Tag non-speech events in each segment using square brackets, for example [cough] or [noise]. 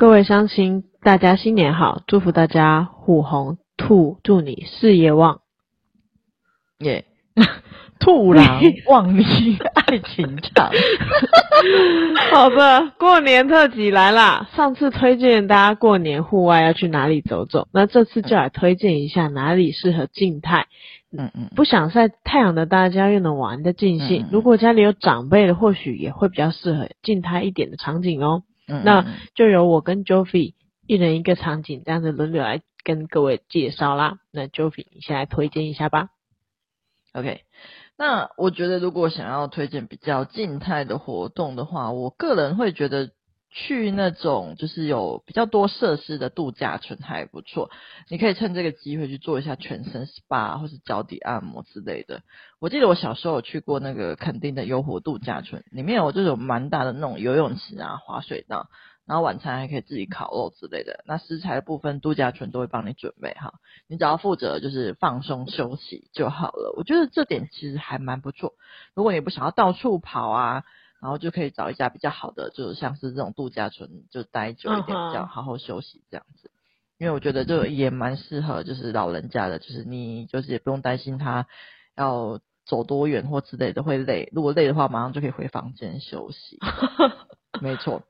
各位鄉親，大家新年好！祝福大家虎紅兔，祝你事業旺耶！Yeah. [laughs] 兔郎旺 [laughs] 你愛情長。 [laughs] [laughs] 好的，過年特輯來了。上次推薦大家過年戶外要去哪裡走走，那這次就來推薦一下哪裡適合靜態。嗯嗯，不想曬太陽的大家又能玩得盡興。嗯嗯，如果家裡有長輩的，或許也會比較適合靜態一點的場景哦。 [noise] 那就由我跟 Jofi 一人一個場景，這樣子輪流來跟各位介紹啦。那 Jofi 你先來推薦一下吧。OK，那我覺得如果想要推薦比較靜態的活動的話，我個人會覺得。去那種就是有比較多設施的度假村還不錯，你可以趁這個機會去做一下全身 SPA 或是腳底按摩之類的。我記得我小時候有去過那個墾丁的悠活度假村，裡面有這種蠻大的那種游泳池啊、滑水道，然後晚餐還可以自己烤肉之類的。那食材的部分度假村都會幫你準備好，你只要負責就是放鬆休息就好了。我覺得這點其實還蠻不錯。如果你不想要到處跑啊。然後就可以找一家比較好的，就像是這種度假村，就待久一點，這樣好好休息這樣子。Uh huh. 因為我覺得就也蠻適合，就是老人家的，就是你就是也不用擔心他要走多遠或之類的會累。如果累的話，馬上就可以回房間休息。 [laughs] 沒錯。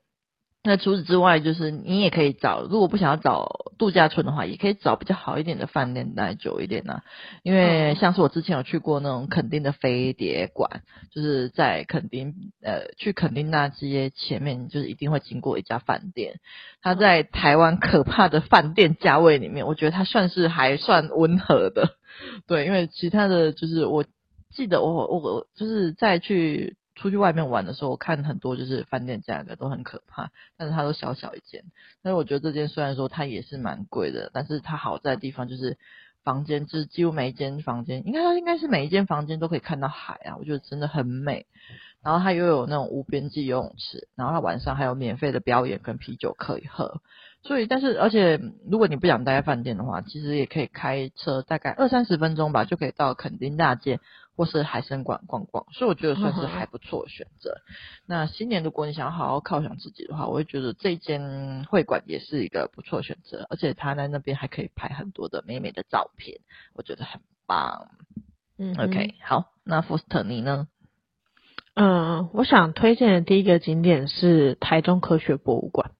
那除此之外，就是你也可以找，如果不想要找度假村的話，也可以找比較好一點的飯店待久一點呢、啊。因為像是我之前有去過那種墾丁的飛碟館，就是在墾丁呃，去墾丁那街前面，就是一定會經過一家飯店，它在台灣可怕的飯店價位裡面，我覺得它算是還算溫和的，對，因為其他的就是我記得我我我就是再去。出去外面玩的時候，我看很多就是飯店價格都很可怕，但是它都小小一間。但是我覺得這間雖然說它也是蠻貴的，但是它好在的地方就是房間，就是幾乎每一間房間，應該它應該是每一間房間都可以看到海啊，我覺得真的很美。然後它又有那種無邊際游泳池，然後它晚上還有免費的表演跟啤酒可以喝。所以，但是而且如果你不想待在飯店的話，其實也可以開車大概二三十分鐘吧，就可以到墾丁大街。或是海生館逛逛，所以我覺得算是還不錯的選擇。哦、好好，那新年如果你想要好好犒賞自己的話，我也覺得這間會館也是一個不錯選擇，而且它在那邊還可以拍很多的美美的照片，我覺得很棒。嗯哼，OK，好，那 Foster 你呢？嗯，我想推薦的第一個景點是台中科學博物館。啊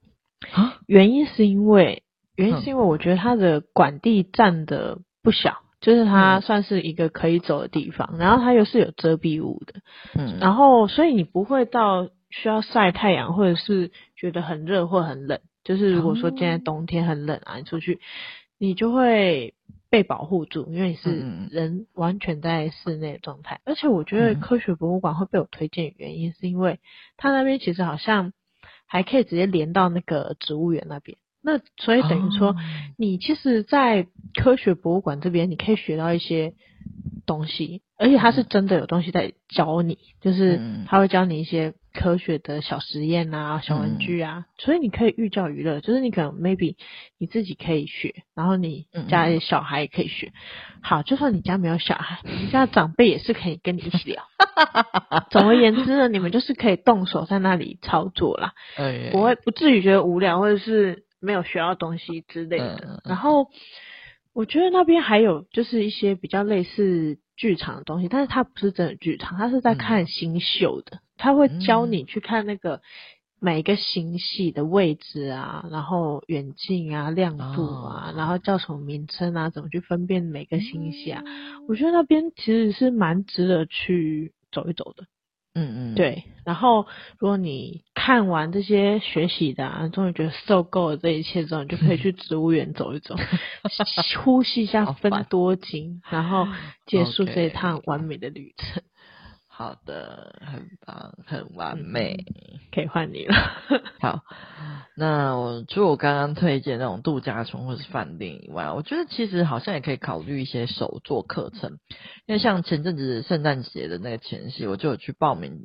蛤？原因是因為，原因是因為我覺得它的館地佔的不小。就是它算是一個可以走的地方，嗯、然後它又是有遮蔽物的，嗯，然後所以你不會到需要曬太陽或者是覺得很熱或很冷。就是如果說今天冬天很冷啊，你出去，你就會被保護住，因為你是人完全在室內的狀態。嗯、而且我覺得科學博物館會被我推薦的原因是因為它那邊其實好像還可以直接連到那個植物園那邊，那所以等於說你其實在、哦，在。科學博物館這邊，你可以學到一些東西，而且它是真的有東西在教你，嗯、就是他會教你一些科學的小實驗啊、小玩具啊，嗯、所以你可以寓教於樂，就是你可能 maybe 你自己可以學，然後你家裡小孩也可以學。嗯嗯好，就算你家沒有小孩，你家長輩也是可以跟你一起聊。 [laughs] 總而言之呢， [laughs] 你們就是可以動手在那裡操作啦，不會不至於覺得無聊或者是沒有學到東西之類的，嗯嗯嗯，然後。我覺得那邊還有就是一些比較類似劇場的東西，但是它不是真的劇場，它是在看星宿的。嗯、它會教你去看那個每個星系的位置啊，嗯、然後遠近啊、亮度啊，哦、然後叫什麼名稱啊，怎麼去分辨每個星系啊。嗯、我覺得那邊其實是蠻值得去走一走的。嗯嗯，對。然後如果你看完這些學習的、啊，終於覺得受夠了這一切之後，你就可以去植物園走一走，呼吸 [laughs] 一下芬多精，煩然後結束這一趟完美的旅程。Okay, 好的，很棒，很完美，嗯、可以換你了。好，那我除了我剛剛推薦那種度假村或是飯店以外，我覺得其實好像也可以考慮一些手作課程，因為像前陣子聖誕節的那個前夕，我就有去報名。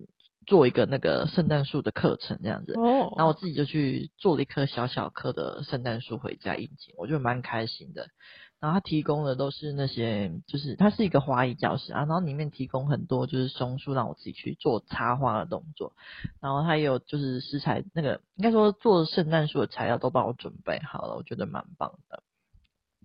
做一個那個聖誕樹的課程這樣子，然後我自己就去做了一棵小小棵的聖誕樹回家應景，我覺得蠻開心的。然後他提供的都是那些，就是他是一個花藝教室啊，然後裡面提供很多就是松樹讓我自己去做插花的動作，然後他也有就是食材，那個，應該說做聖誕樹的材料都幫我準備好了，我覺得蠻棒的。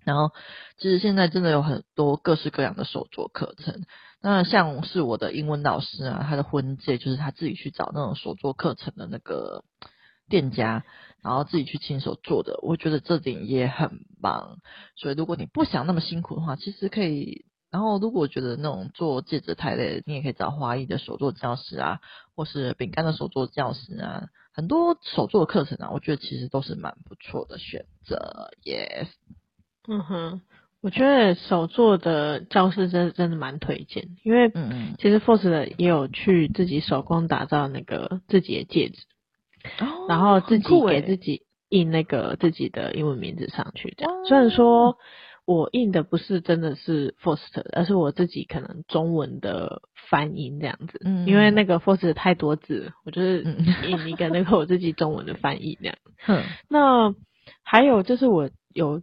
然後，其實現在真的有很多各式各樣的手作課程。那像是我的英文老師啊，他的婚戒就是他自己去找那種手作課程的那個店家，然後自己去親手做的。我覺得這點也很棒。所以如果你不想那麼辛苦的話，其實可以。然後如果覺得那種做戒指太累，你也可以找花藝的手作教室啊，或是餅乾的手作教室啊，很多手作課程啊，我覺得其實都是蠻不錯的選擇。Yes。嗯哼，我覺得手做的教室真的真的蠻推薦，因為其實 Foster 也有去自己手工打造那個自己的戒指，哦、然後自己給自己印那個自己的英文名字上去這樣。雖然說我印的不是真的是 Foster，而是我自己可能中文的翻譯這樣子。嗯，因為那個 Foster 太多字，我就是印一個那個我自己中文的翻譯這樣。嗯，那還有就是我有。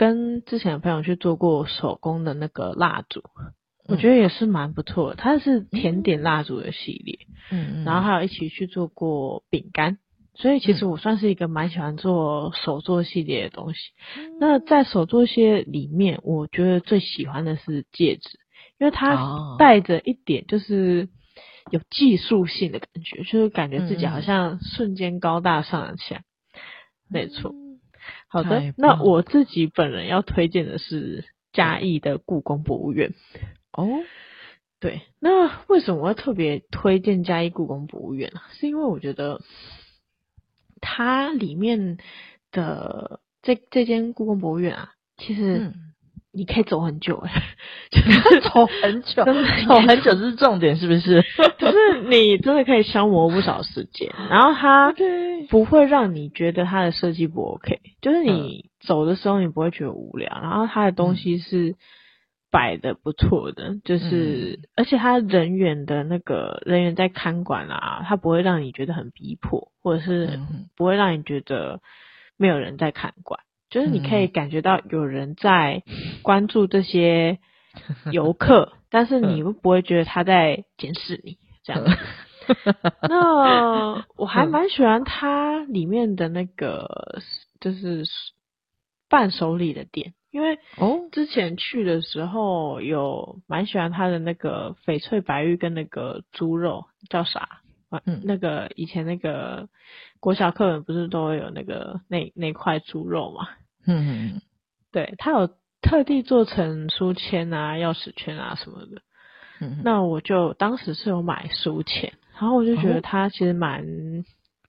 跟之前的朋友去做過手工的那個蠟燭，嗯、我覺得也是蠻不錯的。它是甜點蠟燭的系列，嗯，然後還有一起去做過餅乾，嗯、所以其實我算是一個蠻喜歡做手作系列的東西。嗯、那在手作些裡面，我覺得最喜歡的是戒指，因為它帶着一點就是有技術性的感覺，嗯、就是感覺自己好像瞬間高大上了起來，嗯、沒錯。好的，那我自己本人要推薦的是嘉義的故宮博物院。哦、嗯，對，那為什麼我會特別推薦嘉義故宮博物院呢？是因為我覺得它裡面的這這間故宮博物院啊，其實、嗯。你可以走很久、 [laughs] 就是 [laughs] 走很久，真的走，走很久是重點是不是？ [laughs] 就是你真的可以消磨不少時間， [laughs] 然後它不會讓你覺得它的設計不 OK，就是你走的時候你不會覺得無聊，嗯、然後它的東西是擺的不錯的，就是、嗯、而且它人員的那個人員在看管啊，它不會讓你覺得很逼迫，或者是不會讓你覺得沒有人在看管。就是你可以感覺到有人在關注這些遊客，嗯、但是你不不會覺得他在監視你，嗯、這樣子。那我還蠻喜歡它裡面的那個、嗯、就是伴手禮的店，因為哦，之前去的時候有蠻喜歡它的那個翡翠白玉跟那個豬肉叫啥？嗯，那個以前那個國小課本不是都有那個那那塊豬肉嘛？嗯嗯哼對，他有特地做成書籤啊、鑰匙圈啊什麼的。嗯哼。那我就當時是有買書籤，然後我就覺得它其實蠻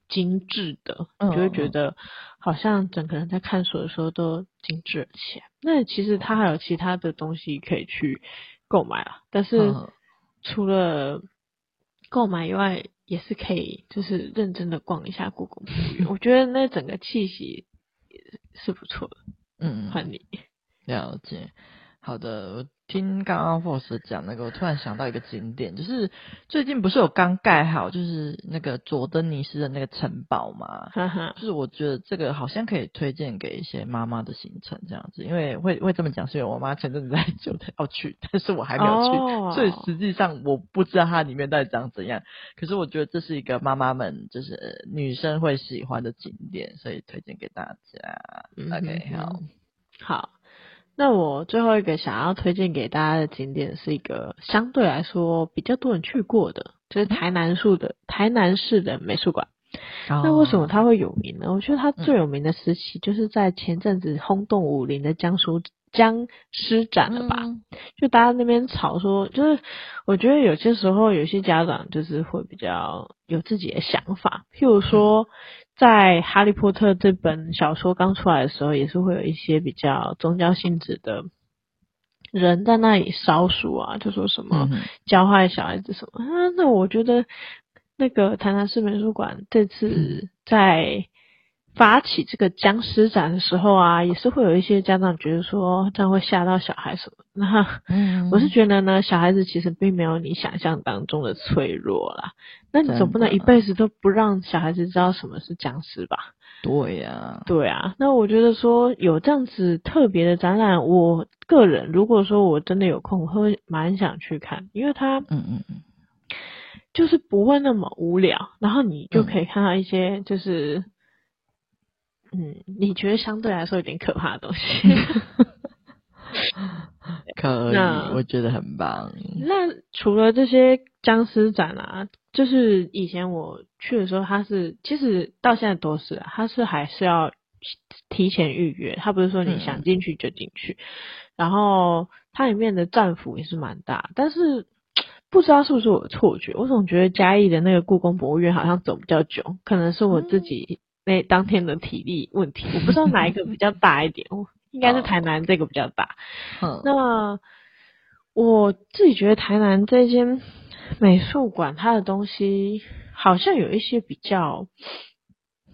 精緻的，哦、就會覺得好像整個人在看書的時候都精緻起來。那其實它還有其他的東西可以去購買啊，但是除了購買以外。也是可以，就是認真的逛一下故宮 [laughs] [laughs] 我覺得那整個氣息也是不錯的。嗯，換你了解，好的。聽剛剛 Force 講那個，我突然想到一個景點，就是最近不是有剛蓋好，就是那個佐登妮絲的那個城堡嘛，呵呵，就是我覺得這個好像可以推薦給一些媽媽的行程這樣子，因為會會這麼講，是因為我媽前陣子在酒店要去，但是我還沒有去，哦、所以實際上我不知道它裡面到底長怎樣，可是我覺得這是一個媽媽們就是女生會喜歡的景點，所以推薦給大家。嗯、哼 OK 好好。那我最後一個想要推薦給大家的景點是一個相對來說比較多人去過的，就是台南樹的、嗯、台南市的美術館。哦、那為什麼它會有名呢？我覺得它最有名的時期就是在前陣子轟動武林的江蘇。將施展了吧。嗯、就大家那邊吵說，就是我覺得有些時候有些家長就是會比較有自己的想法，譬如說在《哈利波特》這本小說剛出來的時候，也是會有一些比較宗教性質的人在那裡燒書啊，就說什麼、嗯、哼教壞小孩子什麼、嗯、那我覺得那個台南市美術館這次在。發起這個殭屍展的時候啊，也是會有一些家長覺得說這樣會嚇到小孩什麼。那，嗯，我是覺得呢，小孩子其實並沒有你想象當中的脆弱啦。那你總不能一輩子都不讓小孩子知道什麼是殭屍吧？對呀，啊，對啊。那我覺得說有這樣子特別的展覽，我個人如果說我真的有空，我會蠻想去看，因為它，嗯嗯嗯，就是不會那麼無聊，然後你就可以看到一些就是。嗯，你覺得相對來說有點可怕的東西？ [laughs] [laughs] 對可以，那我覺得很棒。那除了這些僵屍展啊，就是以前我去的時候，他是其實到現在都是，啊，他是還是要提前預約，他不是說你想進去就進去。嗯、然後它裡面的戰斧也是蠻大，但是不知道是不是我的錯覺，我總覺得嘉義的那個故宮博物院好像走比較久，可能是我自己、嗯。當天的體力問題，我不知道哪一個比較大一點，我應該是台南這個比較大。嗯，那我自己覺得台南這間美術館，它的東西好像有一些比較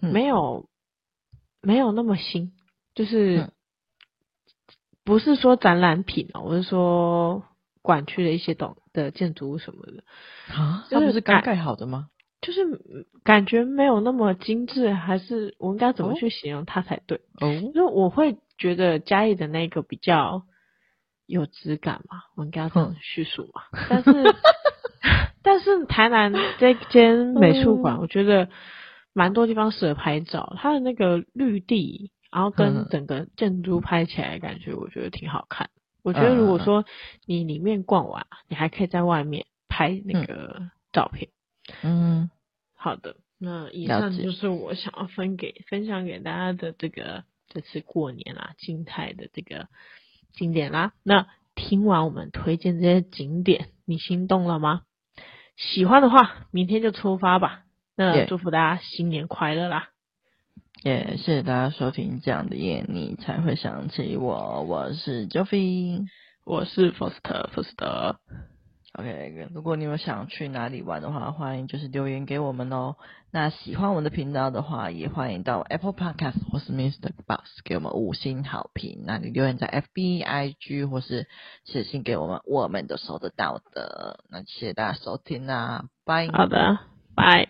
沒有沒有那麼新，就是不是說展覽品哦、喔，我是說館區的一些懂的建築物什麼的就啊，這不是剛蓋好的嗎？就是感覺沒有那麼精緻，還是我應該怎麼去形容它才對？哦，就是我會覺得嘉義的那個比較有質感嘛，我應該這樣敘述嘛。哼但是 [laughs] 但是台南這間美術館，我覺得蠻多地方適合拍照，它的那個綠地，然後跟整個建築拍起來感覺，我覺得挺好看。嗯、我覺得如果說你裡面逛完，嗯、你還可以在外面拍那個照片，嗯。好的，那以上就是我想要分給解分享給大家的這個這次過年啦，靜態的這個景點啦。那聽完我們推薦這些景點，你心動了嗎？喜歡的話，明天就出發吧。那 yeah, 祝福大家新年快樂啦！也、yeah, 謝謝大家收聽這樣的夜，你才會想起我。我是 Jofin，我是 Foster，Foster。OK，如果你們想去哪裡玩的話，歡迎就是留言給我們哦。那喜歡我們的頻道的話，也歡迎到 Apple Podcast 或是 MixerBox 給我們五星好評。那你留言在 FB IG 或是寫信給我們，我們都收得到的。那謝謝大家收聽啦、啊，拜。好的，拜。